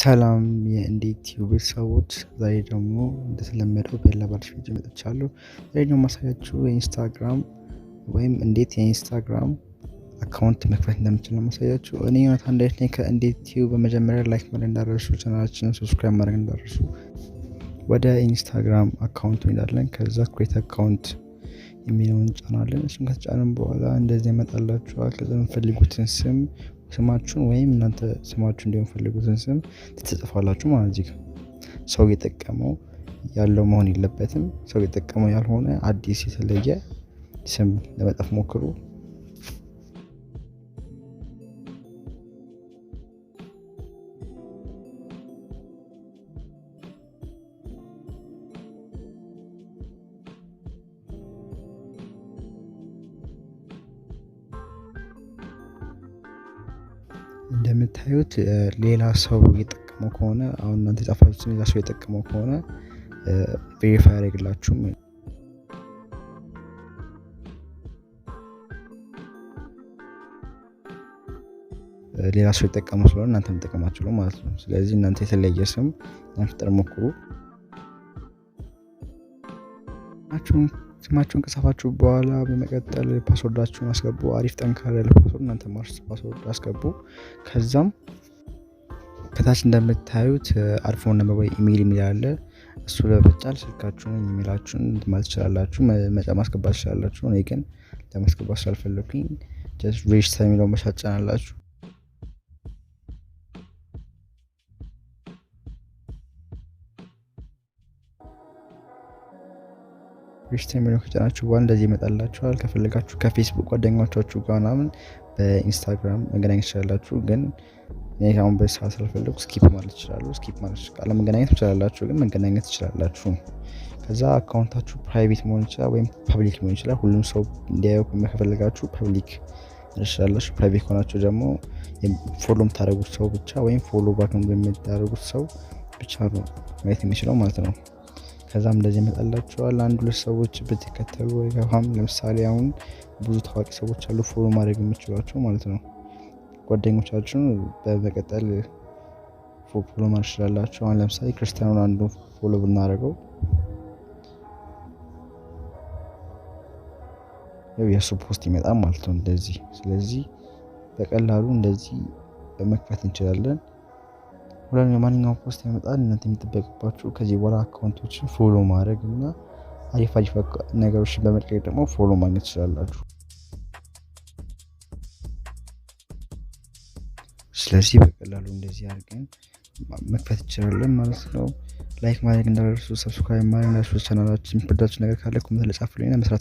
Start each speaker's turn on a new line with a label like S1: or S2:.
S1: ሰላም የእንዴት ቤተሰቦች፣ ዛሬ ደግሞ እንደተለመደው በሌላ ባዲስ ቪዲዮ መጥቻለሁ። ዛሬ ደግሞ ማሳያችሁ የኢንስታግራም ወይም እንዴት የኢንስታግራም አካውንት መክፈት እንደምችል ነው ማሳያችሁ። እኔ ሆነት አንዳይት ነ ከእንዴት ዩ። በመጀመሪያ ላይክ ማድረግ እንዳደረሱ፣ ቻናላችንን ሰብስክራይብ ማድረግ እንዳደረሱ። ወደ ኢንስታግራም አካውንት እንሄዳለን። ከዛ ክሬት አካውንት የሚለውን ጫናለን። እሱም ከተጫንም በኋላ እንደዚህ ያመጣላችኋል። ከዛ የምፈልጉትን ስም ስማችሁን ወይም እናንተ ስማችሁ እንዲሆን ስም ትጽፋላችሁ ማለት ሰው የጠቀመው ያለው መሆን የለበትም። ሰው የጠቀመው ያልሆነ አዲስ የተለየ ስም ለመጣፍ ሞክሩ። እንደምታዩት ሌላ ሰው የጠቀመው ከሆነ አሁን እናንተ የጻፋችሁት ሌላ ሰው የጠቀመው ከሆነ ቬሪፋይ አያደርግላችሁም። ሌላ ሰው የጠቀመው ስለሆነ እናንተ የምጠቀማችሁ ነው ማለት ነው። ስለዚህ እናንተ የተለየ ስም ለመፍጠር ሞክሩ ስማችሁን እንቅሳፋችሁ በኋላ በመቀጠል ፓስወርዳችሁን አስገቡ። አሪፍ ጠንካር ያለ ፓስወርድ እናንተ ማርስ ፓስወርድ አስገቡ። ከዛም ከታች እንደምታዩት አርፎን ፎን ነበር ወይ ኢሜይል የሚል አለ። እሱ ለበጫል ስልካችሁን ኢሜላችሁን ማለት ትችላላችሁ፣ መጫ ማስገባት ትችላላችሁ። እኔ ግን ለማስገባት ስላልፈለኩኝ ሬጅስተር የሚለው መሻጫናላችሁ ሪጅስተር የሚለው ከጫናችሁ በኋላ እንደዚህ ይመጣላችኋል። ከፈለጋችሁ ከፌስቡክ ጓደኞቻችሁ ጋር ምናምን በኢንስታግራም መገናኘት ትችላላችሁ። ግን እኔ አሁን በሰዓት ስላልፈለጉ ስኪፕ ማለት ይችላሉ። ስኪፕ ማለት መገናኘት ትችላላችሁ፣ ግን መገናኘት ትችላላችሁ። ከዛ አካውንታችሁ ፕራይቬት መሆን ይችላል ወይም ፐብሊክ መሆን ይችላል። ሁሉም ሰው እንዲያየው ከፈለጋችሁ ፐብሊክ ትችላላችሁ። ፕራይቬት ከሆናቸው ደግሞ ፎሎ የምታደረጉት ሰው ብቻ ወይም ፎሎ ባክ የምታደረጉት ሰው ብቻ ነው ማየት የሚችለው ማለት ነው። ከዛም እንደዚህ ይመጣላቸዋል። አንድ ሁለት ሰዎች ብትከተሉ ወይም ለምሳሌ አሁን ብዙ ታዋቂ ሰዎች አሉ ፎሎ ማድረግ የምችሏቸው ማለት ነው። ጓደኞቻችን በመቀጠል ፎሎ ማድረግ ችላላቸው አሁን ለምሳሌ ክርስቲያኑን አንዱ ፎሎ ብናደርገው የእሱ ፖስት ይመጣል ማለት ነው እንደዚህ። ስለዚህ በቀላሉ እንደዚህ መክፈት እንችላለን። ሁለን የማንኛውም ፖስት ያመጣል እናንተ የሚጠበቅባቸው ከዚህ በኋላ አካውንቶችን ፎሎ ማድረግ እና አሪፍ አሪፍ ነገሮችን በመልቀቅ ደግሞ ፎሎ ማግኘት ትችላላችሁ። ስለዚህ በቀላሉ እንደዚህ አድርገን መክፈት እንችላለን ማለት ነው። ላይክ ማድረግ እንዳደርሱ ሰብስክራይብ ማድረግ እንዳደርሱ ቻናላችን ፕሮዳችን ነገር ካለ ኮመንት ለጻፉልኝና መስራት